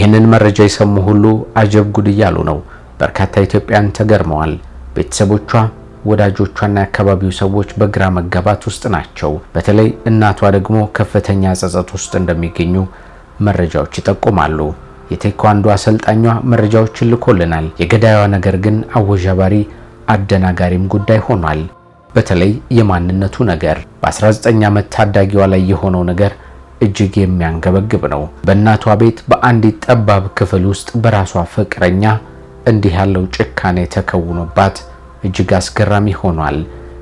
ይህንን መረጃ የሰሙ ሁሉ አጀብ ጉድ እያሉ ነው። በርካታ ኢትዮጵያን ተገርመዋል። ቤተሰቦቿ፣ ወዳጆቿና የአካባቢው ሰዎች በግራ መጋባት ውስጥ ናቸው። በተለይ እናቷ ደግሞ ከፍተኛ ጸጸት ውስጥ እንደሚገኙ መረጃዎች ይጠቁማሉ። የቴኳንዶ አሰልጣኟ መረጃዎችን ልኮልናል። የገዳዩዋ ነገር ግን አወዣባሪ አደናጋሪም ጉዳይ ሆኗል። በተለይ የማንነቱ ነገር በ19 ዓመት ታዳጊዋ ላይ የሆነው ነገር እጅግ የሚያንገበግብ ነው። በእናቷ ቤት በአንዲት ጠባብ ክፍል ውስጥ በራሷ ፍቅረኛ እንዲህ ያለው ጭካኔ ተከውኖባት እጅግ አስገራሚ ሆኗል።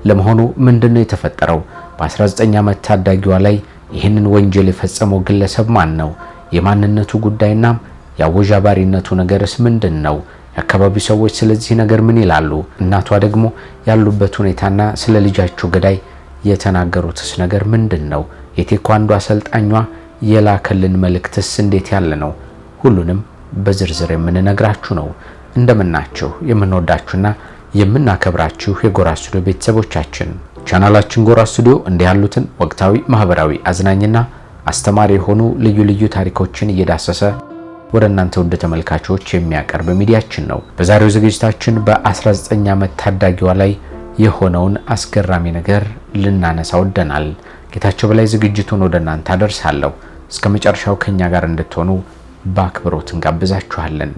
ለመሆኑ ምንድን ነው የተፈጠረው? በ19 ዓመት ታዳጊዋ ላይ ይህንን ወንጀል የፈጸመው ግለሰብ ማን ነው? የማንነቱ ጉዳይና የአወዣባሪነቱ ነገርስ ምንድን ነው? የአካባቢው ሰዎች ስለዚህ ነገር ምን ይላሉ? እናቷ ደግሞ ያሉበት ሁኔታና ስለ ልጃቸው ገዳይ የተናገሩትስ ነገር ምንድን ነው? የቴኳንዶ አሰልጣኟ የላከልን መልእክትስ እንዴት ያለ ነው? ሁሉንም በዝርዝር የምንነግራችሁ ነው። እንደምናችሁ የምንወዳችሁና የምናከብራችሁ የጎራ ስቱዲዮ ቤተሰቦቻችን ቻናላችን ጎራ ስቱዲዮ እንዲህ ያሉትን ወቅታዊ፣ ማህበራዊ፣ አዝናኝና አስተማሪ የሆኑ ልዩ ልዩ ታሪኮችን እየዳሰሰ ወደ እናንተ ውድ ተመልካቾች የሚያቀርብ ሚዲያችን ነው። በዛሬው ዝግጅታችን በ19 ዓመት ታዳጊዋ ላይ የሆነውን አስገራሚ ነገር ልናነሳ ወደናል። ጌታቸው በላይ ዝግጅቱን ወደ እናንተ አደርሳለሁ። እስከ መጨረሻው ከእኛ ጋር እንድትሆኑ በአክብሮት እንጋብዛችኋለን።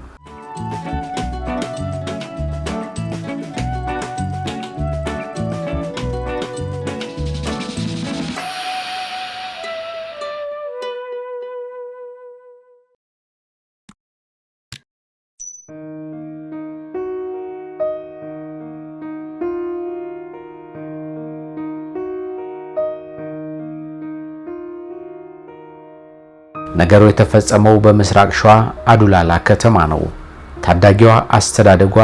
ነገሩ የተፈጸመው በምስራቅ ሸዋ አዱላላ ከተማ ነው። ታዳጊዋ አስተዳደጓ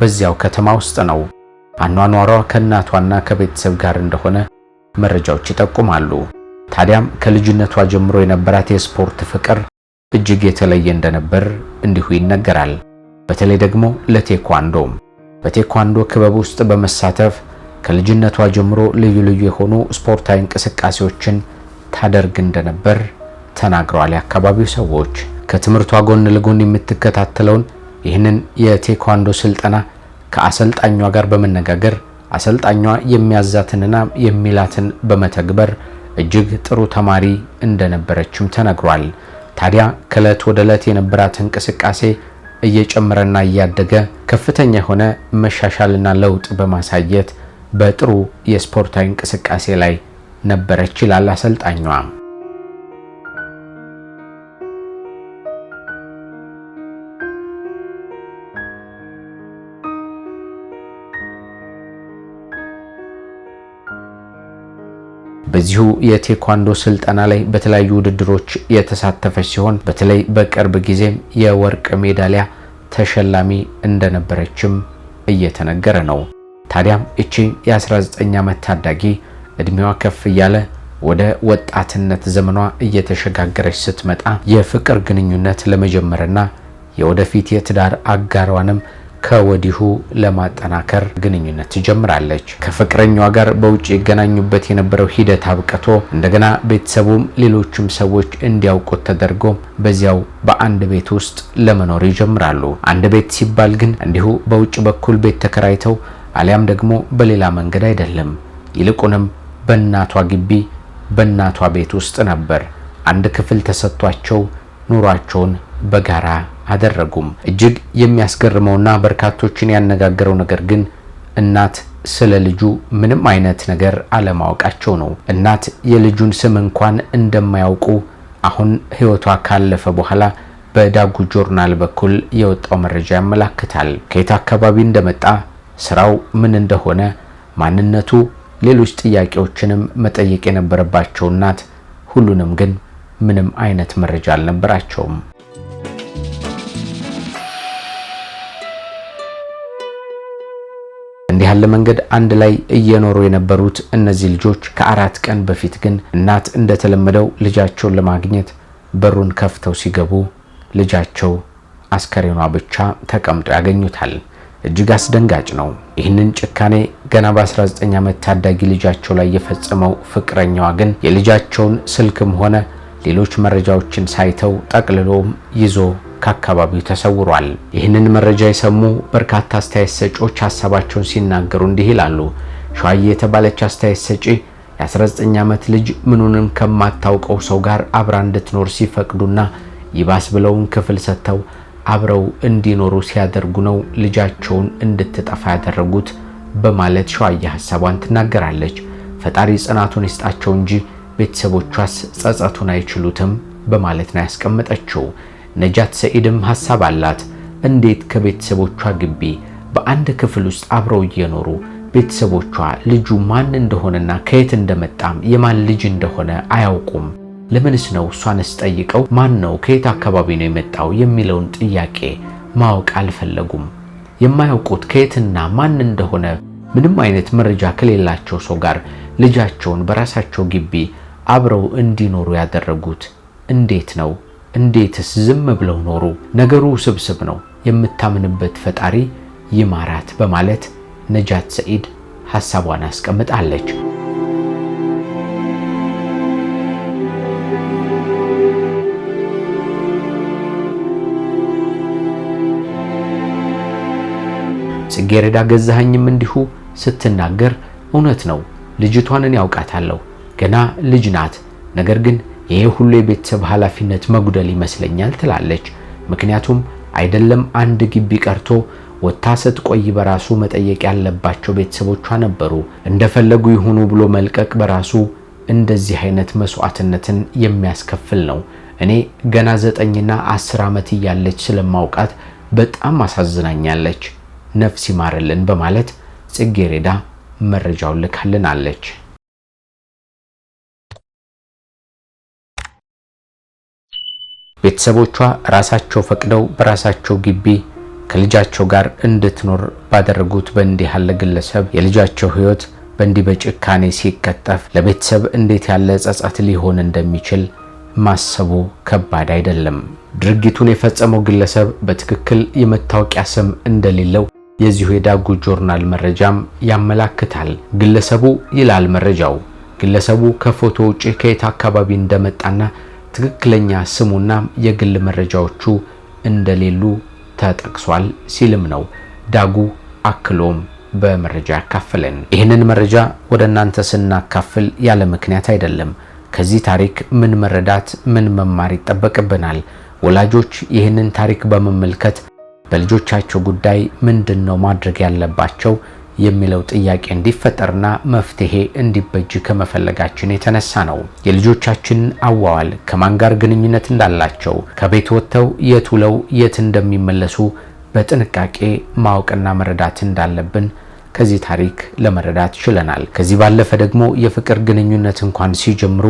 በዚያው ከተማ ውስጥ ነው። አኗኗሯ ከእናቷና ከቤተሰብ ጋር እንደሆነ መረጃዎች ይጠቁማሉ። ታዲያም ከልጅነቷ ጀምሮ የነበራት የስፖርት ፍቅር እጅግ የተለየ እንደነበር እንዲሁ ይነገራል። በተለይ ደግሞ ለቴኳንዶ በቴኳንዶ ክበብ ውስጥ በመሳተፍ ከልጅነቷ ጀምሮ ልዩ ልዩ የሆኑ ስፖርታዊ እንቅስቃሴዎችን ታደርግ እንደነበር ተናግረዋል። የአካባቢው ሰዎች ከትምህርቷ ጎን ለጎን የምትከታተለውን ይህንን የቴኳንዶ ስልጠና ከአሰልጣኟ ጋር በመነጋገር አሰልጣኟ የሚያዛትንና የሚላትን በመተግበር እጅግ ጥሩ ተማሪ እንደነበረችም ተነግሯል። ታዲያ ከእለት ወደ እለት የነበራት እንቅስቃሴ እየጨመረና እያደገ ከፍተኛ የሆነ መሻሻልና ለውጥ በማሳየት በጥሩ የስፖርታዊ እንቅስቃሴ ላይ ነበረች ይላል አሰልጣኟ። በዚሁ የቴኳንዶ ስልጠና ላይ በተለያዩ ውድድሮች የተሳተፈች ሲሆን በተለይ በቅርብ ጊዜም የወርቅ ሜዳሊያ ተሸላሚ እንደነበረችም እየተነገረ ነው። ታዲያም እቺ የ19 ዓመት ታዳጊ እድሜዋ ከፍ እያለ ወደ ወጣትነት ዘመኗ እየተሸጋገረች ስትመጣ የፍቅር ግንኙነት ለመጀመርና የወደፊት የትዳር አጋሯንም ከወዲሁ ለማጠናከር ግንኙነት ትጀምራለች። ከፍቅረኛዋ ጋር በውጭ ይገናኙበት የነበረው ሂደት አብቅቶ እንደገና ቤተሰቡም ሌሎችም ሰዎች እንዲያውቁት ተደርጎ በዚያው በአንድ ቤት ውስጥ ለመኖር ይጀምራሉ። አንድ ቤት ሲባል ግን እንዲሁ በውጭ በኩል ቤት ተከራይተው አሊያም ደግሞ በሌላ መንገድ አይደለም። ይልቁንም በእናቷ ግቢ በእናቷ ቤት ውስጥ ነበር አንድ ክፍል ተሰጥቷቸው ኑሯቸውን በጋራ አደረጉም። እጅግ የሚያስገርመውና በርካቶችን ያነጋገረው ነገር ግን እናት ስለ ልጁ ምንም አይነት ነገር አለማወቃቸው ነው። እናት የልጁን ስም እንኳን እንደማያውቁ አሁን ህይወቷ ካለፈ በኋላ በዳጉ ጆርናል በኩል የወጣው መረጃ ያመላክታል። ከየት አካባቢ እንደመጣ፣ ስራው ምን እንደሆነ፣ ማንነቱ፣ ሌሎች ጥያቄዎችንም መጠየቅ የነበረባቸው እናት ሁሉንም ግን ምንም አይነት መረጃ አልነበራቸውም። ባለ መንገድ አንድ ላይ እየኖሩ የነበሩት እነዚህ ልጆች ከአራት ቀን በፊት ግን እናት እንደተለመደው ልጃቸውን ለማግኘት በሩን ከፍተው ሲገቡ ልጃቸው አስከሬኗ ብቻ ተቀምጦ ያገኙታል። እጅግ አስደንጋጭ ነው። ይህንን ጭካኔ ገና በ19 ዓመት ታዳጊ ልጃቸው ላይ የፈጸመው ፍቅረኛዋ ግን የልጃቸውን ስልክም ሆነ ሌሎች መረጃዎችን ሳይተው ጠቅልሎም ይዞ ከአካባቢው ተሰውሯል። ይህንን መረጃ የሰሙ በርካታ አስተያየት ሰጪዎች ሀሳባቸውን ሲናገሩ እንዲህ ይላሉ። ሸዋዬ የተባለች አስተያየት ሰጪ የ19 ዓመት ልጅ ምኑንም ከማታውቀው ሰው ጋር አብራ እንድትኖር ሲፈቅዱና ይባስ ብለውን ክፍል ሰጥተው አብረው እንዲኖሩ ሲያደርጉ ነው ልጃቸውን እንድትጠፋ ያደረጉት በማለት ሸዋዬ ሀሳቧን ትናገራለች። ፈጣሪ ጽናቱን ይስጣቸው እንጂ ቤተሰቦቿስ ጸጸቱን አይችሉትም በማለት ነው ያስቀመጠችው። ነጃት ሰኢድም ሐሳብ አላት። እንዴት ከቤተሰቦቿ ግቢ በአንድ ክፍል ውስጥ አብረው እየኖሩ ቤተሰቦቿ ልጁ ማን እንደሆነና ከየት እንደመጣም የማን ልጅ እንደሆነ አያውቁም? ለምንስ ነው እሷንስ ጠይቀው ማን ነው ከየት አካባቢ ነው የመጣው የሚለውን ጥያቄ ማወቅ አልፈለጉም። የማያውቁት ከየትና ማን እንደሆነ ምንም አይነት መረጃ ከሌላቸው ሰው ጋር ልጃቸውን በራሳቸው ግቢ አብረው እንዲኖሩ ያደረጉት እንዴት ነው? እንዴትስ ዝም ብለው ኖሩ? ነገሩ ስብስብ ነው። የምታምንበት ፈጣሪ ይማራት በማለት ነጃት ሰኢድ ሐሳቧን አስቀምጣለች። ጽጌረዳ ገዛኸኝም እንዲሁ ስትናገር እውነት ነው፣ ልጅቷን እኔ ያውቃታለሁ። ገና ልጅ ናት። ነገር ግን ይሄ ሁሉ የቤተሰብ ኃላፊነት መጉደል ይመስለኛል ትላለች። ምክንያቱም አይደለም አንድ ግቢ ቀርቶ ወታ ስትቆይ በራሱ መጠየቅ ያለባቸው ቤተሰቦቿ ነበሩ። እንደፈለጉ ይሁኑ ብሎ መልቀቅ በራሱ እንደዚህ አይነት መስዋዕትነትን የሚያስከፍል ነው። እኔ ገና ዘጠኝና አስር ዓመት እያለች ስለማውቃት በጣም አሳዝናኛለች። ነፍስ ይማርልን በማለት ጽጌሬዳ መረጃውን ልካልናለች። ቤተሰቦቿ ራሳቸው ፈቅደው በራሳቸው ግቢ ከልጃቸው ጋር እንድትኖር ባደረጉት በእንዲህ ያለ ግለሰብ የልጃቸው ሕይወት በእንዲህ በጭካኔ ሲቀጠፍ ለቤተሰብ እንዴት ያለ ጸጸት ሊሆን እንደሚችል ማሰቡ ከባድ አይደለም። ድርጊቱን የፈጸመው ግለሰብ በትክክል የመታወቂያ ስም እንደሌለው የዚሁ የዳጉ ጆርናል መረጃም ያመላክታል። ግለሰቡ ይላል መረጃው፣ ግለሰቡ ከፎቶ ውጪ ከየት አካባቢ እንደመጣና ትክክለኛ ስሙና የግል መረጃዎቹ እንደሌሉ ተጠቅሷል ሲልም ነው ዳጉ አክሎም በመረጃ ያካፈለን። ይህንን መረጃ ወደ እናንተ ስናካፍል ያለ ምክንያት አይደለም። ከዚህ ታሪክ ምን መረዳት፣ ምን መማር ይጠበቅብናል? ወላጆች ይህንን ታሪክ በመመልከት በልጆቻቸው ጉዳይ ምንድን ነው ማድረግ ያለባቸው የሚለው ጥያቄ እንዲፈጠርና መፍትሄ እንዲበጅ ከመፈለጋችን የተነሳ ነው። የልጆቻችን አዋዋል፣ ከማን ጋር ግንኙነት እንዳላቸው፣ ከቤት ወጥተው የት ውለው የት እንደሚመለሱ በጥንቃቄ ማወቅና መረዳት እንዳለብን ከዚህ ታሪክ ለመረዳት ችለናል። ከዚህ ባለፈ ደግሞ የፍቅር ግንኙነት እንኳን ሲጀምሩ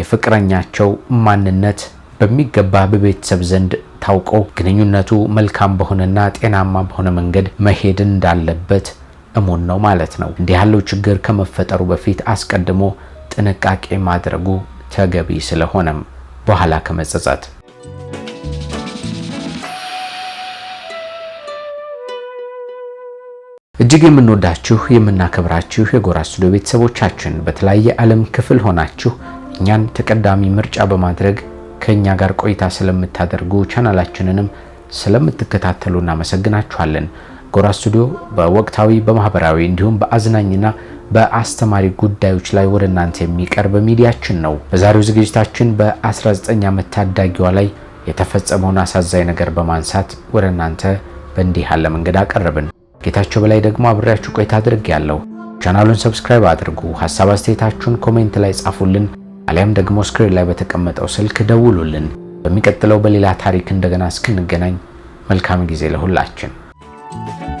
የፍቅረኛቸው ማንነት በሚገባ በቤተሰብ ዘንድ ታውቆ ግንኙነቱ መልካም በሆነና ጤናማ በሆነ መንገድ መሄድ እንዳለበት እሙን ነው ማለት ነው። እንዲህ ያለው ችግር ከመፈጠሩ በፊት አስቀድሞ ጥንቃቄ ማድረጉ ተገቢ ስለሆነም በኋላ ከመጸጸት እጅግ የምንወዳችሁ የምናከብራችሁ የጎራ ስቱዲዮ ቤተሰቦቻችን በተለያየ ዓለም ክፍል ሆናችሁ እኛን ተቀዳሚ ምርጫ በማድረግ ከእኛ ጋር ቆይታ ስለምታደርጉ ቻናላችንንም ስለምትከታተሉ እናመሰግናችኋለን። ጎራ ስቱዲዮ በወቅታዊ በማህበራዊ እንዲሁም በአዝናኝና በአስተማሪ ጉዳዮች ላይ ወደ እናንተ የሚቀርብ ሚዲያችን ነው። በዛሬው ዝግጅታችን በ19 ዓመት ታዳጊዋ ላይ የተፈጸመውን አሳዛኝ ነገር በማንሳት ወደ እናንተ በእንዲህ ያለ መንገድ አቀረብን። ጌታቸው በላይ ደግሞ አብሬያችሁ ቆይታ አድርግ ያለው። ቻናሉን ሰብስክራይብ አድርጉ፣ ሀሳብ አስተያየታችሁን ኮሜንት ላይ ጻፉልን፣ አሊያም ደግሞ ስክሪን ላይ በተቀመጠው ስልክ ደውሉልን። በሚቀጥለው በሌላ ታሪክ እንደገና እስክንገናኝ መልካም ጊዜ ለሁላችን። you.